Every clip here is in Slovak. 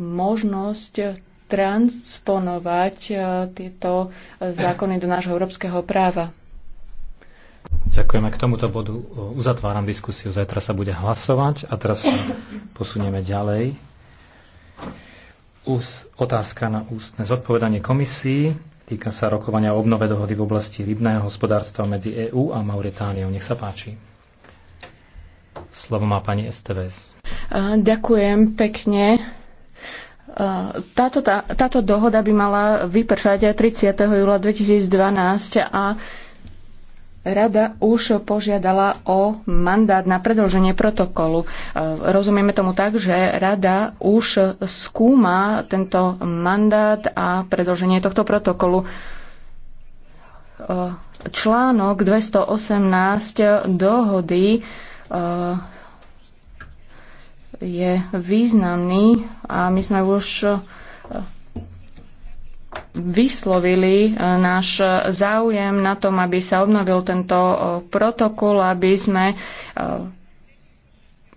možnosť transponovať e, tieto e, zákony do nášho európskeho práva. Ďakujeme. K tomuto bodu e, uzatváram diskusiu. Zajtra sa bude hlasovať a teraz sa posunieme ďalej. Us, otázka na ústne zodpovedanie komisii. Týka sa rokovania o obnove dohody v oblasti rybného hospodárstva medzi EÚ a Mauritániou. Nech sa páči. Slovo má pani STVS. Ďakujem pekne E, táto, tá, táto dohoda by mala vypršať 30. júla 2012 a Rada už požiadala o mandát na predlženie protokolu. E, rozumieme tomu tak, že Rada už skúma tento mandát a predlženie tohto protokolu. E, článok 218 dohody je významný a my sme už eh, vyslovili eh, náš záujem na tom, aby sa obnovil tento eh, protokol, aby sme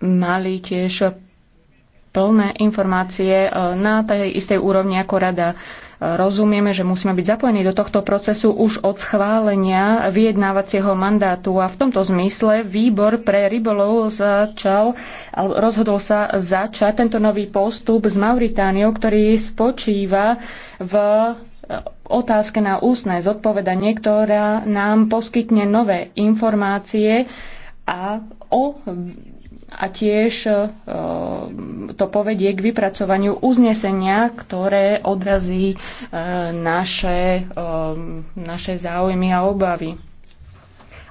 mali tiež plné informácie e, na tej istej úrovni ako rada. E, rozumieme, že musíme byť zapojení do tohto procesu už od schválenia vyjednávacieho mandátu a v tomto zmysle výbor pre rybolov začal, rozhodol sa začať tento nový postup s Mauritániou, ktorý spočíva v e, otázke na ústne zodpovedanie, ktorá nám poskytne nové informácie a o a tiež e, to povedie k vypracovaniu uznesenia, ktoré odrazí e, naše, e, naše záujmy a obavy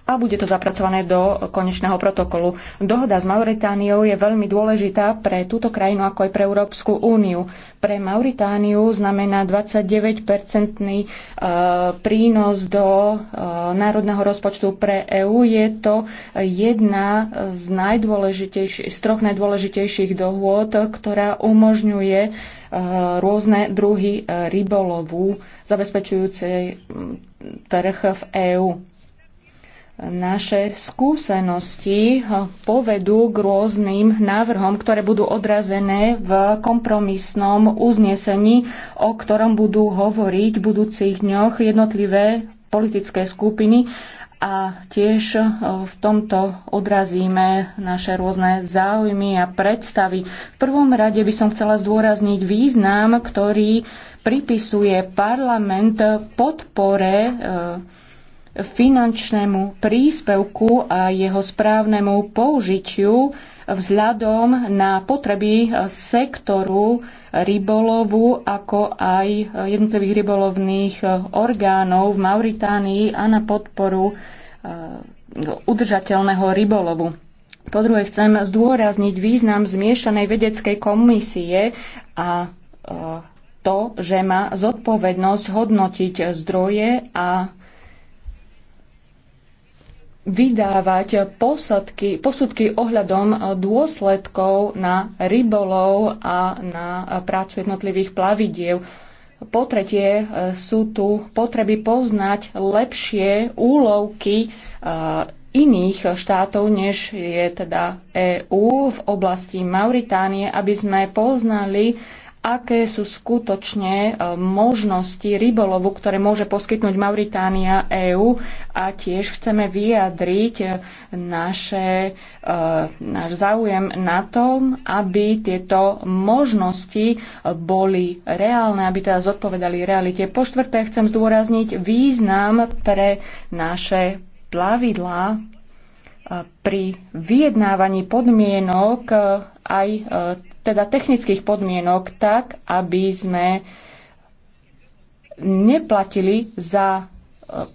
a bude to zapracované do konečného protokolu. Dohoda s Mauritániou je veľmi dôležitá pre túto krajinu ako aj pre Európsku úniu. Pre Mauritániu znamená 29-percentný e, prínos do e, národného rozpočtu pre EÚ. Je to jedna z, najdôležitejších, z troch najdôležitejších dohôd, ktorá umožňuje e, rôzne druhy rybolovu zabezpečujúcej trh v EÚ naše skúsenosti eh, povedú k rôznym návrhom, ktoré budú odrazené v kompromisnom uznesení, o ktorom budú hovoriť v budúcich dňoch jednotlivé politické skupiny a tiež eh, v tomto odrazíme naše rôzne záujmy a predstavy. V prvom rade by som chcela zdôrazniť význam, ktorý pripisuje parlament podpore eh, finančnému príspevku a jeho správnemu použitiu vzhľadom na potreby eh, sektoru rybolovu, ako aj eh, jednotlivých rybolovných eh, orgánov v Mauritánii a na podporu udržateľného rybolovu. Po druhé, chcem zdôrazniť význam zmiešanej vedeckej komisie a to, že má zodpovednosť hodnotiť zdroje a vydávať posadky, posudky ohľadom eh, dôsledkov na rybolov a na eh, prácu jednotlivých plavidiev. Po tretie eh, sú tu potreby poznať lepšie úlovky iných štátov, než je teda EÚ v oblasti Mauritánie, aby sme poznali aké sú skutočne e, možnosti rybolovu, ktoré môže poskytnúť Mauritánia EÚ a tiež chceme vyjadriť e, naše, e, náš záujem na tom, aby tieto možnosti boli reálne, aby teda zodpovedali realite. Po štvrté chcem zdôrazniť význam pre naše plavidlá pri vyjednávaní podmienok aj teda technických podmienok tak, aby sme neplatili za e,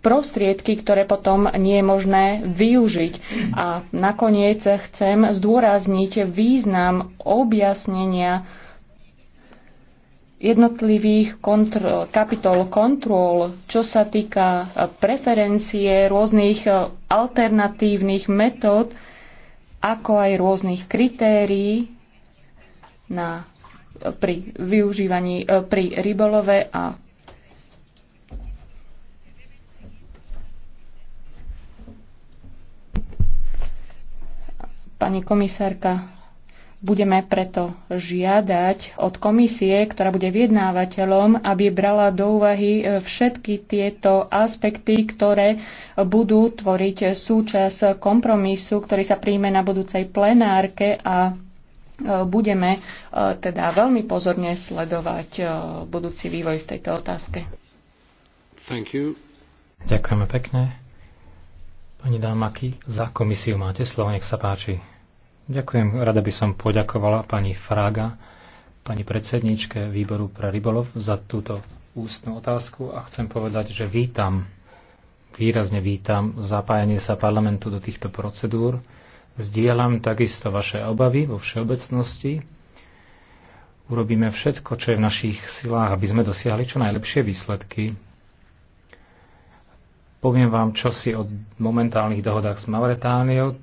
prostriedky, ktoré potom nie je možné využiť. A nakoniec chcem zdôrazniť význam objasnenia jednotlivých kontr- kapitol kontrol, čo sa týka e, preferencie rôznych e, alternatívnych metód, ako aj rôznych kritérií na, pri využívaní e, pri rybolove a pani komisárka, budeme preto žiadať od komisie, ktorá bude vyjednávateľom, aby brala do úvahy e, všetky tieto aspekty, ktoré budú tvoriť súčasť kompromisu, ktorý sa príjme na budúcej plenárke a budeme e, teda veľmi pozorne sledovať e, budúci vývoj v tejto otázke. Thank you. Ďakujeme pekne. Pani Dámaky, za komisiu máte slovo, nech sa páči. Ďakujem, rada by som poďakovala pani Fraga, pani predsedničke výboru pre rybolov za túto ústnu otázku a chcem povedať, že vítam, výrazne vítam zapájanie sa parlamentu do týchto procedúr Zdieľam takisto vaše obavy vo všeobecnosti. Urobíme všetko, čo je v našich silách, aby sme dosiahli čo najlepšie výsledky. Poviem vám čo si o momentálnych dohodách s Mauretániou.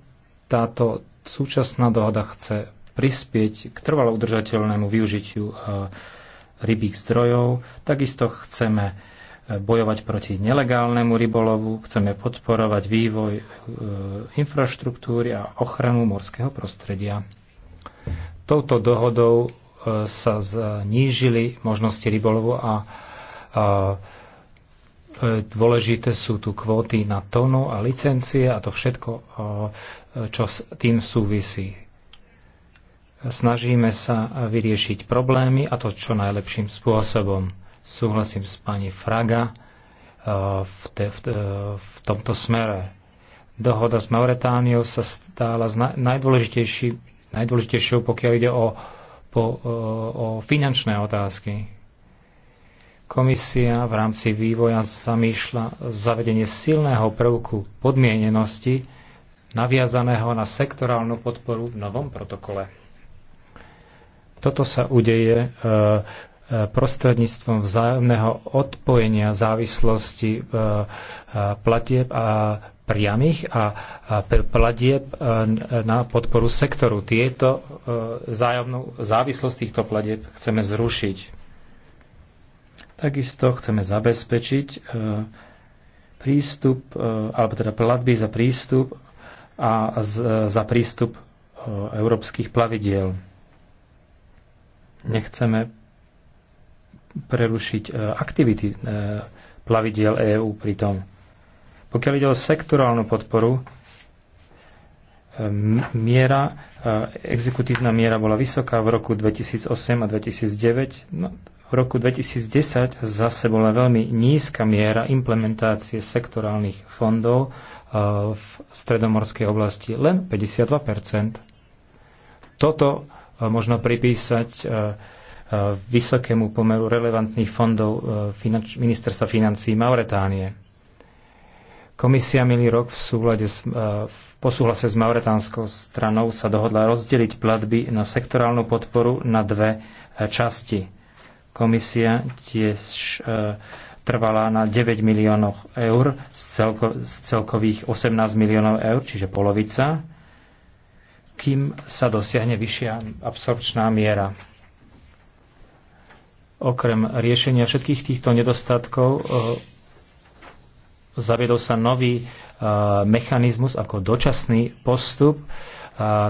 Táto súčasná dohoda chce prispieť k trvalo udržateľnému využitiu e, rybých zdrojov. Takisto chceme bojovať proti nelegálnemu rybolovu, chceme podporovať vývoj e, infraštruktúry a ochranu morského prostredia. Touto dohodou e, sa znížili možnosti rybolovu a, a e, dôležité sú tu kvóty na tónu a licencie a to všetko, čo s tým súvisí. Snažíme sa vyriešiť problémy a to čo najlepším spôsobom Súhlasím s pani Fraga e, v, te, v, e, v tomto smere. Dohoda s Mauretániou sa stála najdôležitejší, najdôležitejšou, pokiaľ ide o, po, e, o finančné otázky. Komisia v rámci vývoja zamýšľa zavedenie silného prvku podmienenosti naviazaného na sektorálnu podporu v novom protokole. Toto sa udeje e, prostredníctvom vzájomného odpojenia závislosti e, e, platieb a priamých a platieb e, na podporu sektoru. Tieto vzájomnú závislosť týchto platieb chceme zrušiť. Takisto chceme zabezpečiť prístup, alebo teda platby za prístup a za prístup európskych plavidiel. Nechceme prerušiť e, aktivity e, plavidiel EÚ pri tom. Pokiaľ ide o sektorálnu podporu, e, miera, exekutívna miera bola vysoká v roku 2008 a 2009. No, v roku 2010 zase bola veľmi nízka miera implementácie sektorálnych fondov v stredomorskej oblasti, len 52 Toto možno pripísať Eh, vysokému pomeru relevantných fondov eh, finanč, ministerstva financí Mauretánie. Komisia milý rok v súhľade s, eh, v posúhlase s mauretánskou stranou sa dohodla rozdeliť platby na sektorálnu podporu na dve časti. Komisia tiež trvala na 9 miliónov eur z, celko, z celkových 18 miliónov eur, čiže polovica, kým sa dosiahne vyššia absorpčná miera. Okrem riešenia všetkých týchto nedostatkov eh, zaviedol sa nový eh, mechanizmus ako dočasný postup, eh,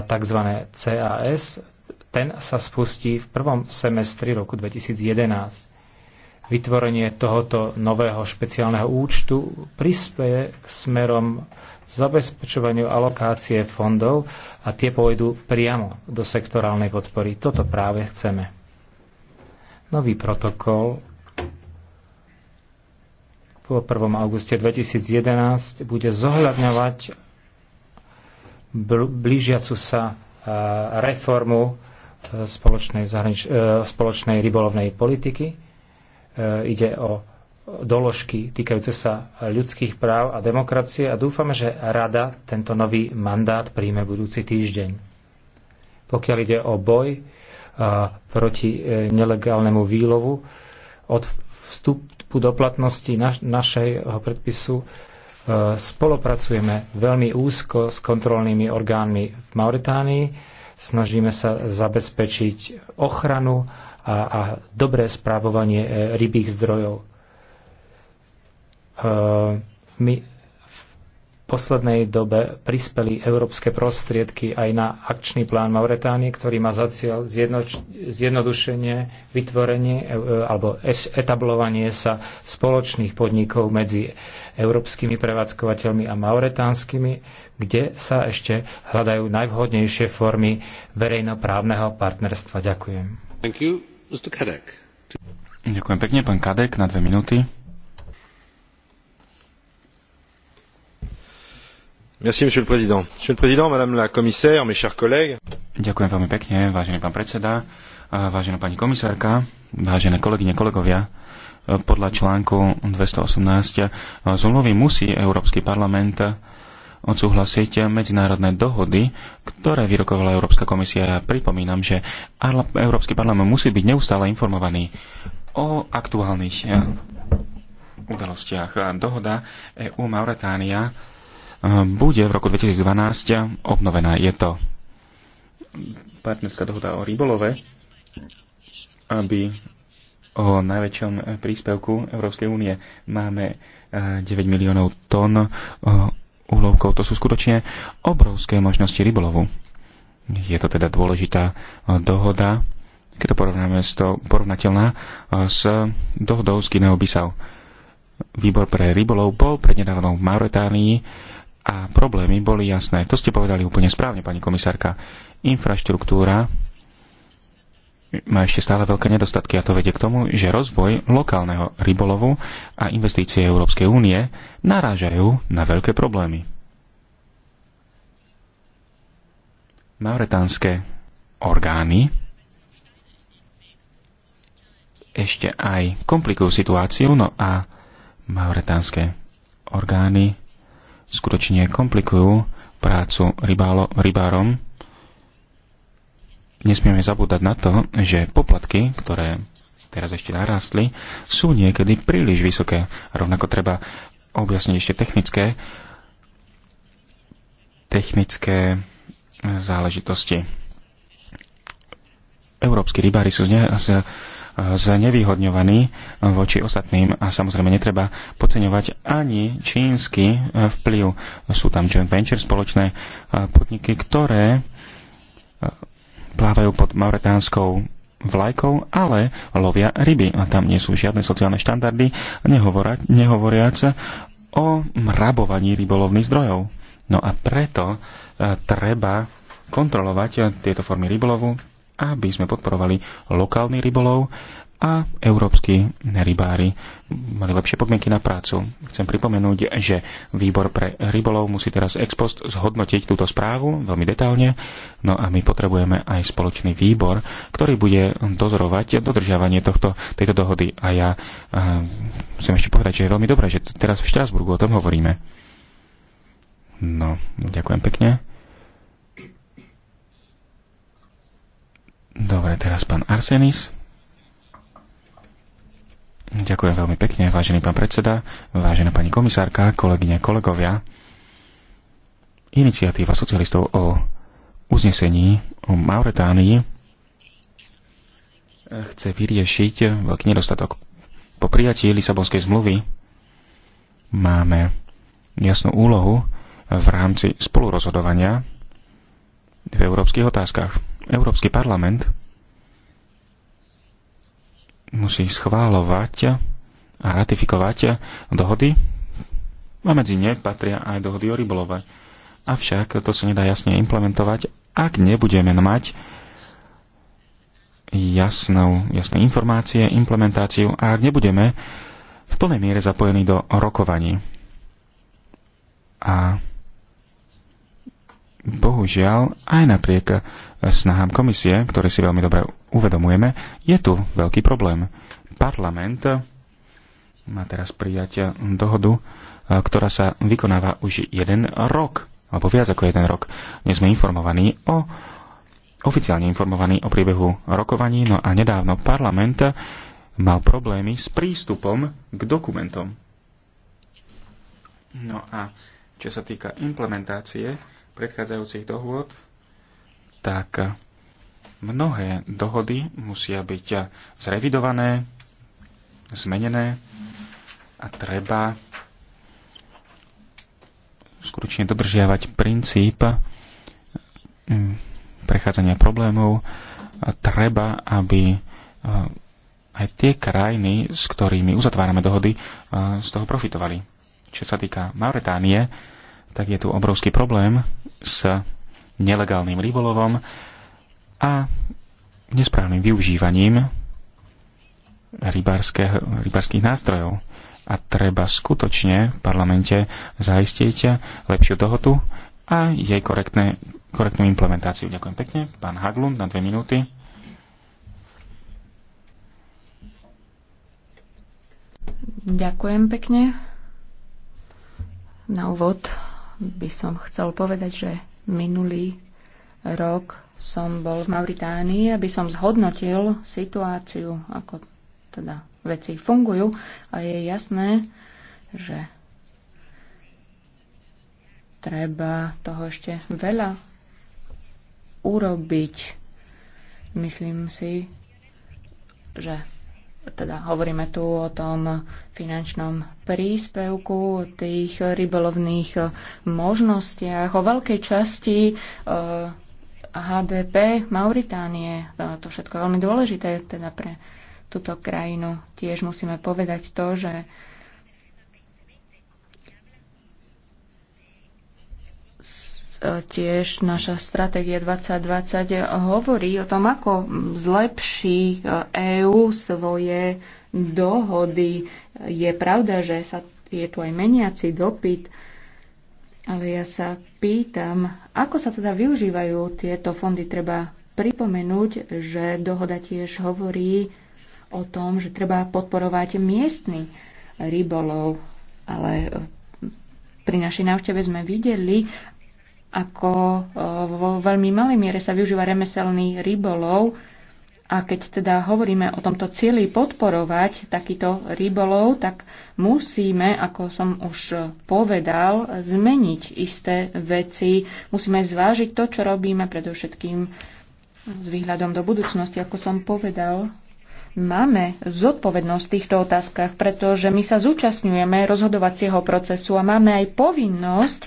tzv. CAS. Ten sa spustí v prvom semestri roku 2011. Vytvorenie tohoto nového špeciálneho účtu prispieje k smerom zabezpečovaniu alokácie fondov a tie pôjdu priamo do sektorálnej podpory. Toto práve chceme. Nový protokol po 1. auguste 2011 bude zohľadňovať blížiacu sa e, reformu e, spoločnej, zahranič- e, spoločnej rybolovnej politiky. Ide o doložky týkajúce sa ľudských práv a demokracie a dúfame, že Rada tento nový mandát príjme budúci týždeň. Pokiaľ ide o boj proti e, nelegálnemu výlovu. Od vstupu do platnosti naš, našeho predpisu e, spolupracujeme veľmi úzko s kontrolnými orgánmi v Mauretánii. Snažíme sa zabezpečiť ochranu a, a dobré správovanie e, rybých zdrojov. My poslednej dobe prispeli európske prostriedky aj na akčný plán Mauretánie, ktorý má za cieľ zjednodušenie, vytvorenie e, alebo etablovanie sa spoločných podnikov medzi európskymi prevádzkovateľmi a mauretánskymi, kde sa ešte hľadajú najvhodnejšie formy verejnoprávneho partnerstva. Ďakujem. Ďakujem pekne, pán Kadek, na dve minúty. monsieur le président. Monsieur le président, madame la commissaire, mes chers collègues. Ďakujem veľmi pekne, vážený pán predseda, vážená pani komisárka, vážené kolegyne, kolegovia podľa článku 218 zmluvy musí Európsky parlament odsúhlasiť medzinárodné dohody, ktoré vyrokovala Európska komisia. Ja pripomínam, že Európsky parlament musí byť neustále informovaný o aktuálnych udalostiach. Dohoda EU-Mauretánia bude v roku 2012 obnovená. Je to partnerská dohoda o rybolove, aby o najväčšom príspevku Európskej únie máme 9 eh, miliónov tón eh, úlovkov. To sú skutočne obrovské možnosti rybolovu. Je to teda dôležitá eh, dohoda, keď to porovnáme s to, porovnateľná s dohodou z Kineho Bissau. Výbor pre rybolov bol prednedávnou v Mauretánii a problémy boli jasné. To ste povedali úplne správne, pani komisárka. Infraštruktúra má ešte stále veľké nedostatky a to vedie k tomu, že rozvoj lokálneho rybolovu a investície Európskej únie narážajú na veľké problémy. Mauretánske orgány ešte aj komplikujú situáciu, no a mauretánske orgány skutočne komplikujú prácu rybálo, rybárom. Nesmieme zabúdať na to, že poplatky, ktoré teraz ešte narastli, sú niekedy príliš vysoké. Rovnako treba objasniť ešte technické, technické záležitosti. Európsky rybári sú z znevýhodňovaní voči ostatným a samozrejme netreba podceňovať ani čínsky e, vplyv. Sú tam joint venture spoločné e, podniky, ktoré e, plávajú pod mauretánskou vlajkou, ale lovia ryby. A tam nie sú žiadne sociálne štandardy, nehovoriac, nehovoriac o mrabovaní rybolovných zdrojov. No a preto treba kontrolovať tieto formy rybolovu, aby sme podporovali lokálny rybolov a európsky rybári mali lepšie podmienky na prácu. Chcem pripomenúť, že výbor pre rybolov musí teraz ex post zhodnotiť túto správu veľmi detálne, no a my potrebujeme aj spoločný výbor, ktorý bude dozorovať dodržiavanie tohto, tejto dohody. A ja a eh, musím ešte povedať, že je veľmi dobré, že teraz v Štrasburgu o tom hovoríme. No, ďakujem pekne. Dobre, teraz pán Arsenis. Ďakujem veľmi pekne, vážený pán predseda, vážená pani komisárka, kolegyne, kolegovia. Iniciatíva socialistov o uznesení o Mauretánii chce vyriešiť veľký nedostatok. Po prijatí Lisabonskej zmluvy máme jasnú úlohu v rámci spolurozhodovania v európskych otázkach Európsky parlament musí schválovať a ratifikovať dohody a medzi ne patria aj dohody o rybolove. Avšak to sa nedá jasne implementovať, ak nebudeme mať jasnou, jasné informácie, implementáciu a ak nebudeme v plnej miere zapojení do rokovaní. A bohužiaľ, aj napriek snahám komisie, ktoré si veľmi dobre uvedomujeme, je tu veľký problém. Parlament má teraz prijať dohodu, e, ktorá sa vykonáva už jeden rok, alebo viac ako jeden rok. Nie sme informovaní o oficiálne informovaní o priebehu rokovaní, no a nedávno parlament mal problémy s prístupom k dokumentom. No a čo sa týka implementácie predchádzajúcich dohôd, tak mnohé dohody musia byť zrevidované, zmenené a treba skutočne dodržiavať princíp mm, prechádzania problémov. A treba, aby e, aj tie krajiny, s ktorými uzatvárame dohody, e, z toho profitovali. Čo sa týka Mauretánie, tak je tu obrovský problém s nelegálnym rybolovom a nesprávnym využívaním rybárskych nástrojov. A treba skutočne v parlamente zaistiť lepšiu dohodu a jej korektné, korektnú implementáciu. Ďakujem pekne. Pán Haglund na dve minúty. Ďakujem pekne. Na úvod by som chcel povedať, že Minulý rok som bol v Mauritánii, aby som zhodnotil situáciu, ako teda veci fungujú a je jasné, že treba toho ešte veľa urobiť. Myslím si, že teda hovoríme tu o tom finančnom príspevku, tých rybolovných možnostiach, o veľkej časti HDP eh, Mauritánie. Eh, to všetko je veľmi dôležité teda pre túto krajinu. Tiež musíme povedať to, že E, tiež naša stratégia 2020 hovorí o tom, ako zlepší EÚ e svoje dohody. Je pravda, že sa, je tu aj meniaci dopyt, ale ja sa pýtam, ako sa teda využívajú tieto fondy. Treba pripomenúť, že dohoda tiež hovorí o tom, že treba podporovať miestny rybolov, ale pri našej návšteve sme videli, ako e, vo veľmi malej miere sa využíva remeselný rybolov. A keď teda hovoríme o tomto cieli podporovať takýto rybolov, tak musíme, ako som už povedal, zmeniť isté veci. Musíme zvážiť to, čo robíme, predovšetkým s výhľadom do budúcnosti, ako som povedal. Máme zodpovednosť v týchto otázkach, pretože my sa zúčastňujeme rozhodovacieho procesu a máme aj povinnosť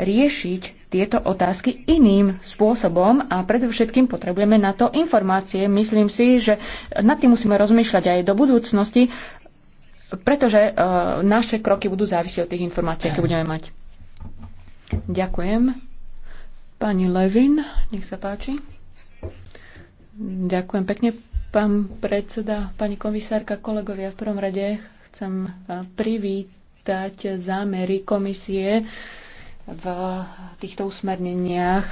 riešiť tieto otázky iným spôsobom a predovšetkým potrebujeme na to informácie. Myslím si, že nad tým musíme rozmýšľať aj do budúcnosti, pretože e, naše kroky budú závisieť od tých informácií, aké budeme mať. Ďakujem. Pani Levin, nech sa páči. Ďakujem pekne, pán predseda, pani komisárka, kolegovia. V prvom rade chcem e, privítať zámery komisie v týchto usmerneniach,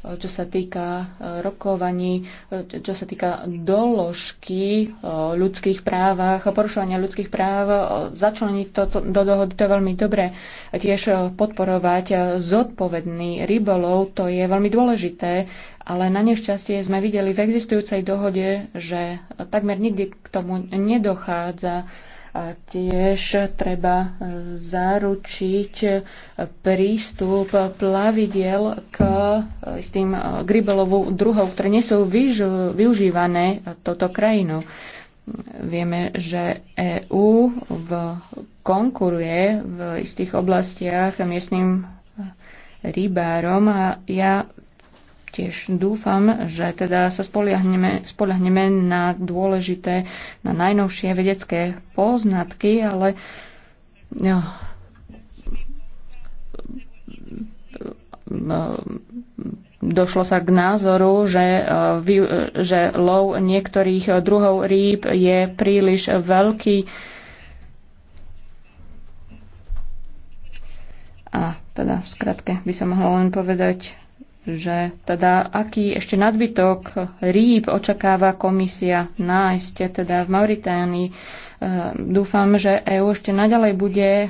čo sa týka e, rokovaní, e, čo sa týka doložky o ľudských právach, porušovania ľudských práv, začleniť to do dohody, to je veľmi dobré. Tiež e, podporovať zodpovedný rybolov, to je veľmi dôležité, ale na nešťastie sme videli v existujúcej dohode, že takmer nikdy k tomu nedochádza a tiež treba zaručiť prístup plavidiel k istým k rybolovú druhov, ktoré nie sú využívané toto krajinu. Vieme, že EÚ konkuruje v istých oblastiach miestnym rybárom a ja Tiež dúfam, že teda sa spoliahneme, spoliahneme na dôležité, na najnovšie vedecké poznatky, ale no, no došlo sa k názoru, že, e, e, že lov niektorých druhov rýb je príliš veľký. A teda v skratke by som mohla len povedať, že teda aký ešte nadbytok rýb očakáva komisia nájsť teda v Mauritánii. E, dúfam, že EÚ ešte naďalej bude e,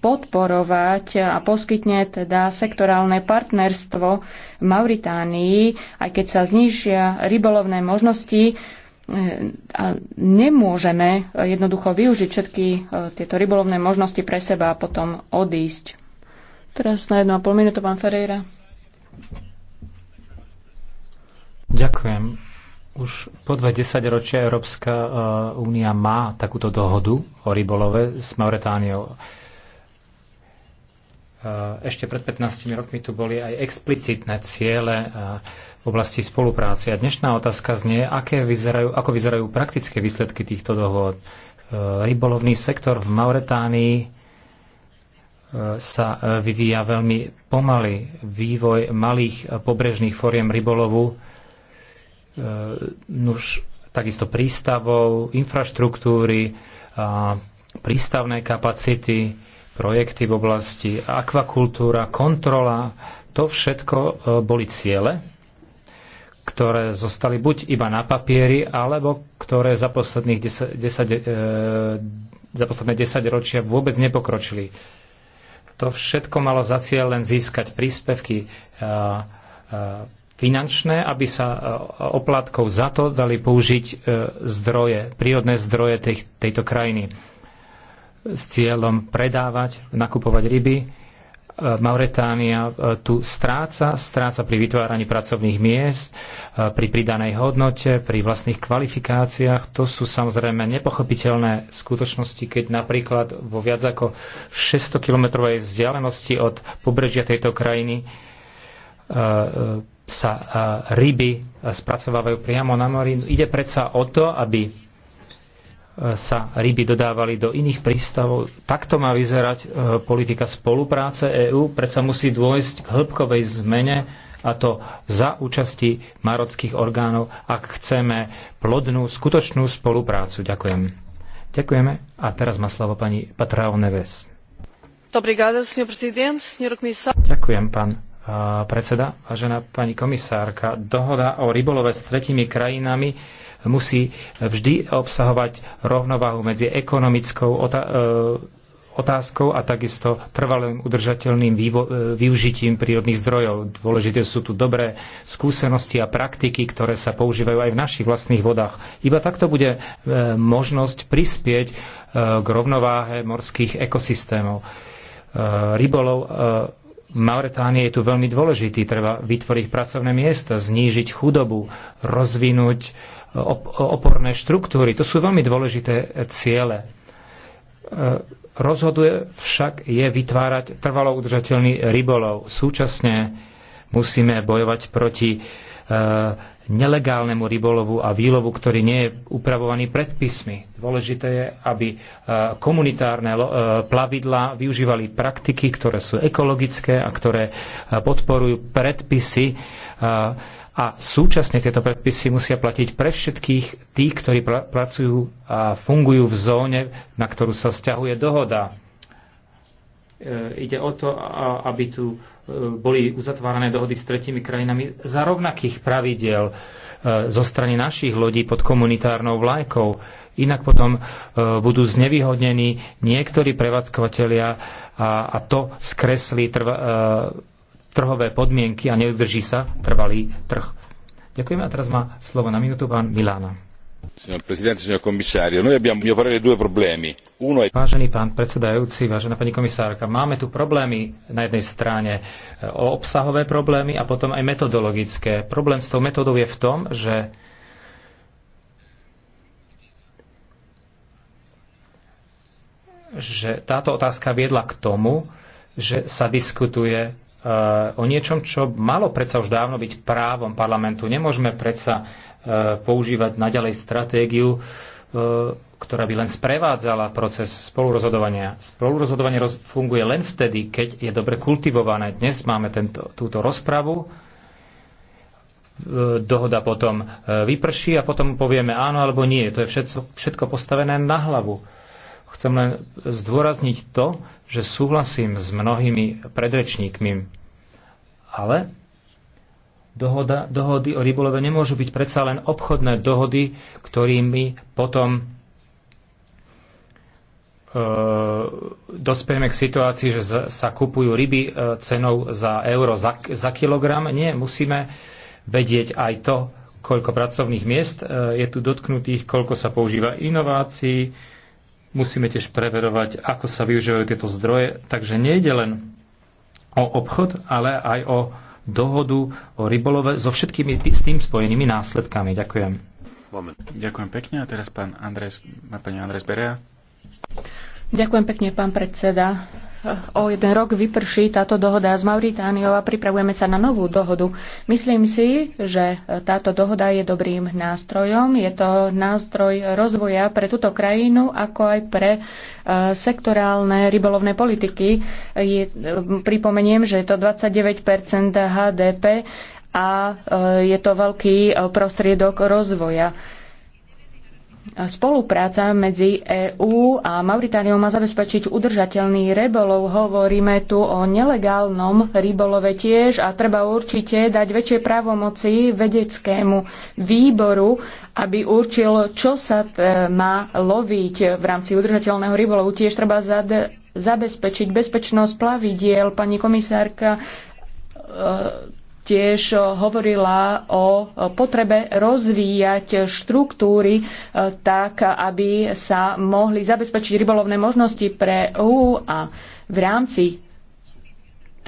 podporovať a poskytne teda sektorálne partnerstvo v Mauritánii, aj keď sa znižia rybolovné možnosti, e, a nemôžeme jednoducho využiť všetky tieto rybolovné možnosti pre seba a potom odísť. Teraz na jednu a pol minútu, pán Ferreira. Ďakujem. Už po dve desaťročia Európska uh, únia má takúto dohodu o rybolove s Mauretániou. Uh, ešte pred 15 rokmi tu boli aj explicitné ciele uh, v oblasti spolupráce. A dnešná otázka znie, aké vyzerajú, ako vyzerajú praktické výsledky týchto dohod. Rybolovný sektor v Mauretánii sa e, vyvíja veľmi pomaly. Vývoj malých e, pobrežných foriem rybolovu, e, nuž, takisto prístavov, infraštruktúry, prístavné kapacity, projekty v oblasti akvakultúra, kontrola, to všetko boli ciele, ktoré zostali buď iba na papieri, alebo ktoré za, posledných 10, 10, za posledné 10 ročia vôbec nepokročili to všetko malo za cieľ len získať príspevky e, e, finančné, aby sa e, oplatkov za to dali použiť zdroje, prírodné zdroje tejto krajiny s cieľom predávať, nakupovať ryby, Mauretánia e, tu stráca, stráca pri vytváraní pracovných miest, e, pri pridanej hodnote, pri vlastných kvalifikáciách. To sú samozrejme nepochopiteľné skutočnosti, keď napríklad vo viac ako 600-kilometrovej vzdialenosti od pobrežia tejto krajiny e, sa ryby spracovávajú priamo na mori. Ide predsa o to, aby sa ryby dodávali do iných prístavov. Takto má vyzerať e, politika spolupráce EÚ, predsa musí dôjsť k hĺbkovej zmene a to za účasti marockých orgánov, ak chceme plodnú, skutočnú spoluprácu. Ďakujem. Ďakujeme. A teraz má slovo pani Patrao Neves. Ďakujem, pán predseda, vážená pani komisárka, dohoda o rybolove s tretimi krajinami musí vždy obsahovať rovnováhu medzi ekonomickou e, otázkou a takisto trvalým udržateľným e, využitím prírodných zdrojov. Dôležité sú tu dobré skúsenosti a praktiky, ktoré sa používajú aj v našich vlastných vodách. Iba takto bude e, možnosť prispieť k rovnováhe morských ekosystémov. Rybolov Mauretánie je tu veľmi dôležitý. Treba vytvoriť pracovné miesta, znížiť chudobu, rozvinúť e, e, oporné štruktúry. To sú veľmi dôležité ciele. E, rozhoduje však je vytvárať trvalo udržateľný rybolov. Súčasne musíme bojovať proti nelegálnemu rybolovu a výlovu, ktorý nie je upravovaný predpismi. Dôležité je, aby e, komunitárne e, plavidla využívali praktiky, ktoré sú ekologické a ktoré e, podporujú predpisy a súčasne tieto predpisy musia platiť pre všetkých tých, ktorí pracujú a fungujú v zóne, na ktorú sa vzťahuje dohoda. Ide o to, aby tu boli uzatvárané dohody s tretimi krajinami za rovnakých pravidiel e, zo strany našich lodí pod komunitárnou vlajkou. Inak potom e, budú znevýhodnení niektorí prevádzkovateľia a, a to skreslí trv, e, trhové podmienky a nevydrží sa trvalý trh. Ďakujem a teraz má slovo na minútu pán Milána. Vážený pán predsedajúci, vážená pani komisárka, máme tu problémy na jednej strane eh, obsahové problémy a potom aj metodologické. Problém s tou metodou je v tom, že že táto otázka viedla k tomu, že sa diskutuje eh, o niečom, čo malo predsa už dávno byť právom parlamentu. Nemôžeme predsa používať naďalej stratégiu, e, ktorá by len sprevádzala proces spolurozhodovania. Spolurozhodovanie roz- funguje len vtedy, keď je dobre kultivované. Dnes máme tento, túto rozpravu, e, dohoda potom e, vyprší a potom povieme áno alebo nie. To je všetko, všetko postavené na hlavu. Chcem len zdôrazniť to, že súhlasím s mnohými predrečníkmi, ale Dohoda, dohody o rybolove nemôžu byť predsa len obchodné dohody, ktorými potom e, dospieme k situácii, že z, sa kupujú ryby e, cenou za euro za, za kilogram. Nie, musíme vedieť aj to, koľko pracovných miest e, je tu dotknutých, koľko sa používa inovácií. Musíme tiež preverovať, ako sa využívajú tieto zdroje. Takže nejde len o obchod, ale aj o dohodu o rybolove so všetkými tý, s tým spojenými následkami. Ďakujem. Moment. Ďakujem pekne. A teraz pán Andres, pani Andres Berea. Ďakujem pekne, pán predseda o jeden rok vyprší táto dohoda s Mauritániou a pripravujeme sa na novú dohodu. Myslím si, že táto dohoda je dobrým nástrojom. Je to nástroj rozvoja pre túto krajinu, ako aj pre e, sektorálne rybolovné politiky. Je, e, pripomeniem, že je to 29 HDP a e, je to veľký prostriedok rozvoja spolupráca medzi EÚ a Mauritániou má zabezpečiť udržateľný rybolov. Hovoríme tu o nelegálnom rybolove tiež a treba určite dať väčšie právomoci vedeckému výboru, aby určil, čo sa e, má loviť v rámci udržateľného rybolovu. Tiež treba zabezpečiť bezpečnosť plavidiel. Pani komisárka, e tiež hovorila o potrebe rozvíjať štruktúry e, tak, aby sa mohli zabezpečiť rybolovné možnosti pre EU a v rámci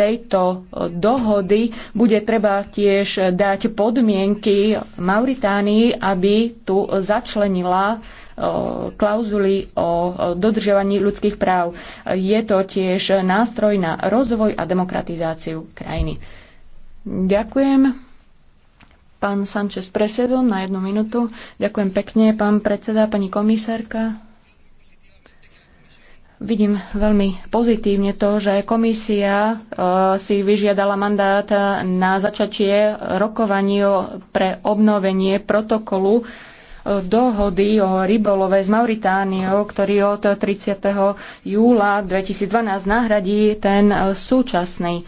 tejto e, dohody bude treba tiež dať podmienky Mauritánii, aby tu začlenila e, klauzuly o dodržiavaní ľudských práv. Je to tiež nástroj na rozvoj a demokratizáciu krajiny. Ďakujem. Pán Sanchez Presedo na jednu minútu. Ďakujem pekne, pán predseda, pani komisárka. Vidím veľmi pozitívne to, že komisia e, si vyžiadala mandát na začatie rokovaní pre obnovenie protokolu e, dohody o rybolove s Mauritániou, ktorý od 30. júla 2012 nahradí ten e, súčasný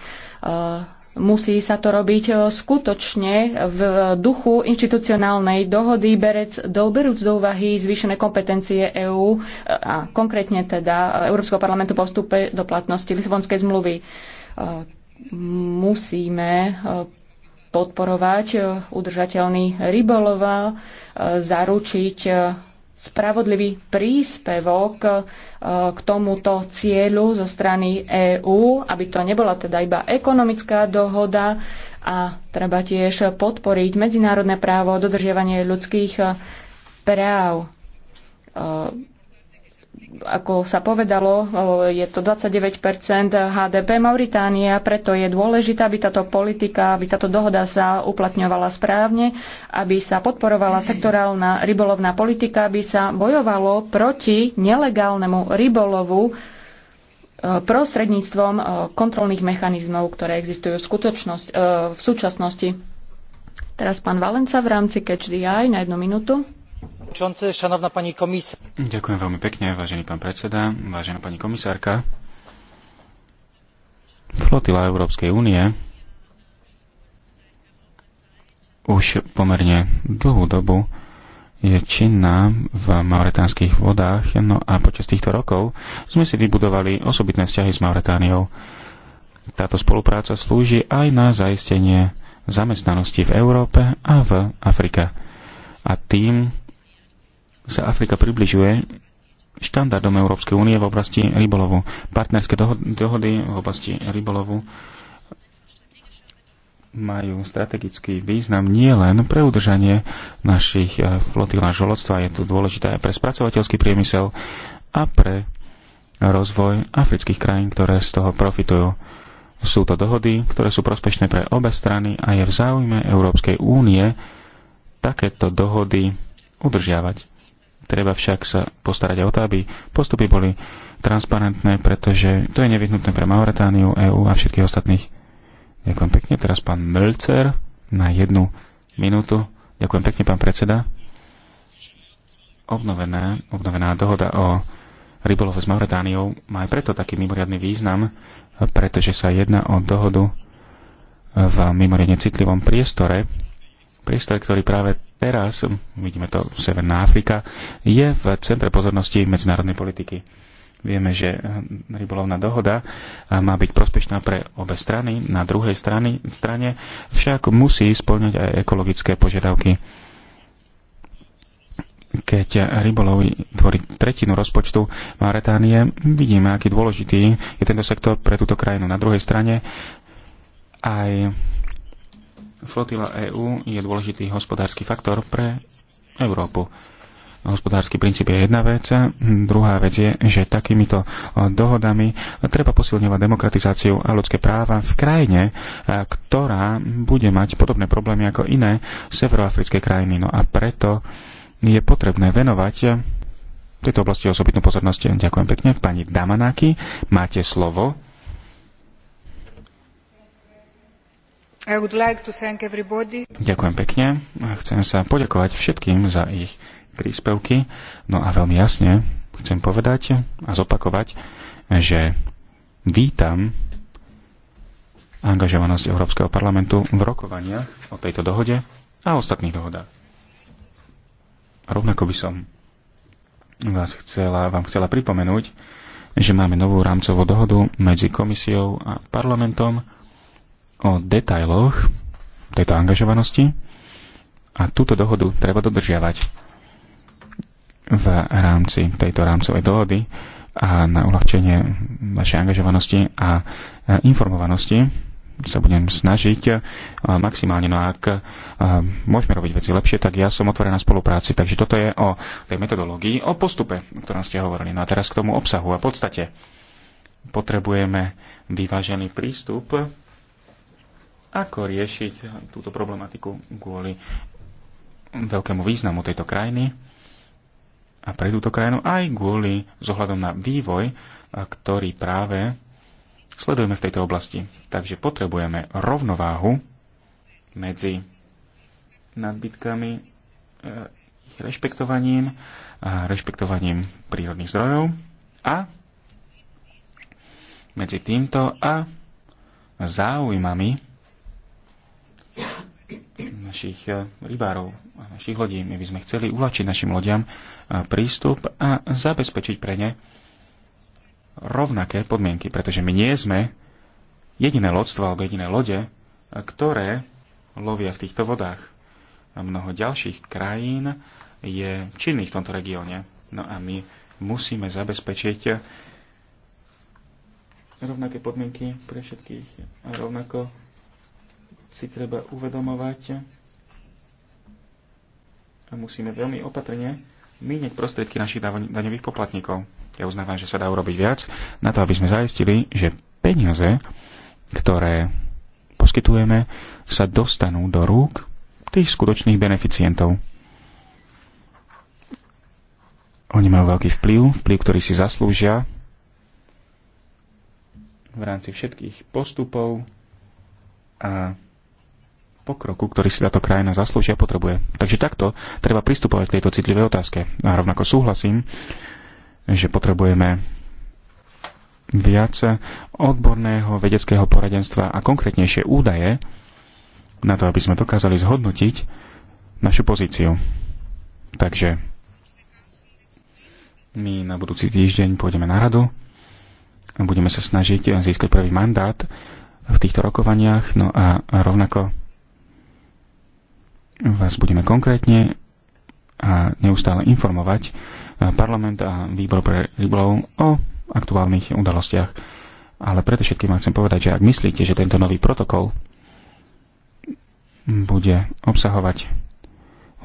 Musí sa to robiť e, skutočne v duchu inštitucionálnej dohody berec doberúc do úvahy zvýšené kompetencie EÚ e, a konkrétne teda Európskeho parlamentu po vstupe do platnosti Lisbonskej zmluvy. E, musíme podporovať udržateľný rybolov, zaručiť spravodlivý príspevok e, k tomuto cieľu zo strany EÚ, aby to nebola teda iba ekonomická dohoda a treba tiež podporiť medzinárodné právo, dodržiavanie ľudských e, práv e, ako sa povedalo, je to 29 HDP Mauritánia, preto je dôležité, aby táto politika, aby táto dohoda sa uplatňovala správne, aby sa podporovala sektorálna rybolovná politika, aby sa bojovalo proti nelegálnemu rybolovu prostredníctvom kontrolných mechanizmov, ktoré existujú v, v súčasnosti. Teraz pán Valenca v rámci Catch the Eye na jednu minútu. Ďakujem veľmi pekne, vážený pán predseda, vážená pani komisárka. Flotila Európskej únie už pomerne dlhú dobu je činná v mauretánskych vodách, no a počas týchto rokov sme si vybudovali osobitné vzťahy s Mauretániou. Táto spolupráca slúži aj na zaistenie zamestnanosti v Európe a v Afrike. A tým sa Afrika približuje štandardom Európskej únie v oblasti rybolovu. Partnerské dohody v oblasti rybolovu majú strategický význam nielen pre udržanie našich eh, flotil a žolodstva, je tu dôležité aj pre spracovateľský priemysel a pre rozvoj afrických krajín, ktoré z toho profitujú. Sú to dohody, ktoré sú prospešné pre obe strany a je v záujme Európskej únie takéto dohody udržiavať. Treba však sa postarať o to, aby postupy boli transparentné, pretože to je nevyhnutné pre Mauretániu, EÚ a všetkých ostatných. Ďakujem pekne. Teraz pán Mölcer na jednu minútu. Ďakujem pekne, pán predseda. Obnovená, obnovená dohoda o rybolove s Mauretániou má aj preto taký mimoriadný význam, pretože sa jedná o dohodu v mimoriadne citlivom priestore, Priestor, ktorý práve teraz, vidíme to Severná Afrika, je v centre pozornosti medzinárodnej politiky. Vieme, že rybolovná dohoda má byť prospešná pre obe strany. Na druhej strane, strane však musí splňať aj ekologické požiadavky. Keď rybolov tvorí tretinu rozpočtu Mauretánie, vidíme, aký dôležitý je tento sektor pre túto krajinu. Na druhej strane aj Flotila EÚ je dôležitý hospodársky faktor pre Európu. Hospodársky princíp je jedna vec. Druhá vec je, že takýmito dohodami treba posilňovať demokratizáciu a ľudské práva v krajine, ktorá bude mať podobné problémy ako iné severoafrické krajiny. No a preto je potrebné venovať v tejto oblasti osobitnú pozornosť. Ďakujem pekne. Pani Damanáky, máte slovo. Ďakujem pekne. Chcem sa poďakovať všetkým za ich príspevky. No a veľmi jasne chcem povedať a zopakovať, že vítam angažovanosť Európskeho parlamentu v rokovania o tejto dohode a ostatných dohodách. Rovnako by som vás chcela, vám chcela pripomenúť, že máme novú rámcovú dohodu medzi komisiou a parlamentom o detailoch tejto angažovanosti a túto dohodu treba dodržiavať v rámci tejto rámcovej dohody a na uľahčenie vašej angažovanosti a informovanosti sa budem snažiť maximálne. No ak môžeme robiť veci lepšie, tak ja som otvorená spolupráci. Takže toto je o tej metodológii, o postupe, o ktorom ste hovorili. No a teraz k tomu obsahu a podstate. Potrebujeme vyvážený prístup ako riešiť túto problematiku kvôli veľkému významu tejto krajiny a pre túto krajinu aj kvôli zohľadom na vývoj, ktorý práve sledujeme v tejto oblasti. Takže potrebujeme rovnováhu medzi nadbytkami, eh, ich rešpektovaním, a rešpektovaním prírodných zdrojov a medzi týmto a záujmami našich eh, rybárov a našich lodí. My by sme chceli uľačiť našim lodiam eh, prístup a zabezpečiť pre ne rovnaké podmienky, pretože my nie sme jediné lodstvo alebo jediné lode, eh, ktoré lovia v týchto vodách. a Mnoho ďalších krajín je činných v tomto regióne. No a my musíme zabezpečiť rovnaké podmienky pre všetkých a rovnako si treba uvedomovať a musíme veľmi opatrne míňať prostriedky našich daňových poplatníkov. Ja uznávam, že sa dá urobiť viac na to, aby sme zaistili, že peniaze, ktoré poskytujeme, sa dostanú do rúk tých skutočných beneficientov. Oni majú veľký vplyv, vplyv, ktorý si zaslúžia v rámci všetkých postupov a pokroku, ktorý si táto krajina zaslúžia a potrebuje. Takže takto treba pristupovať k tejto citlivej otázke. A rovnako súhlasím, že potrebujeme viac odborného vedeckého poradenstva a konkrétnejšie údaje na to, aby sme dokázali zhodnotiť našu pozíciu. Takže my na budúci týždeň pôjdeme na radu a budeme sa snažiť získať prvý mandát v týchto rokovaniach. No a rovnako vás budeme konkrétne a neustále informovať e, parlament a výbor pre rybolov o aktuálnych udalostiach. Ale predovšetkým vám chcem povedať, že ak myslíte, že tento nový protokol bude obsahovať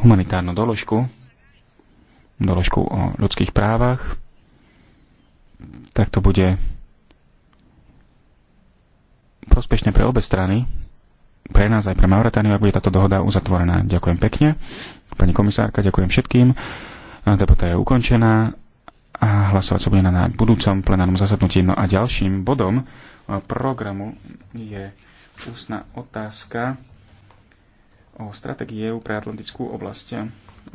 humanitárnu doložku, doložku o ľudských právach, tak to bude prospešné pre obe strany, pre nás aj pre Mauretániu, ak bude táto dohoda uzatvorená. Ďakujem pekne. Pani komisárka, ďakujem všetkým. Debata je ukončená a hlasovať sa bude na budúcom plenárnom zasadnutí. No a ďalším bodom programu je ústna otázka o strategii EU pre Atlantickú oblasť.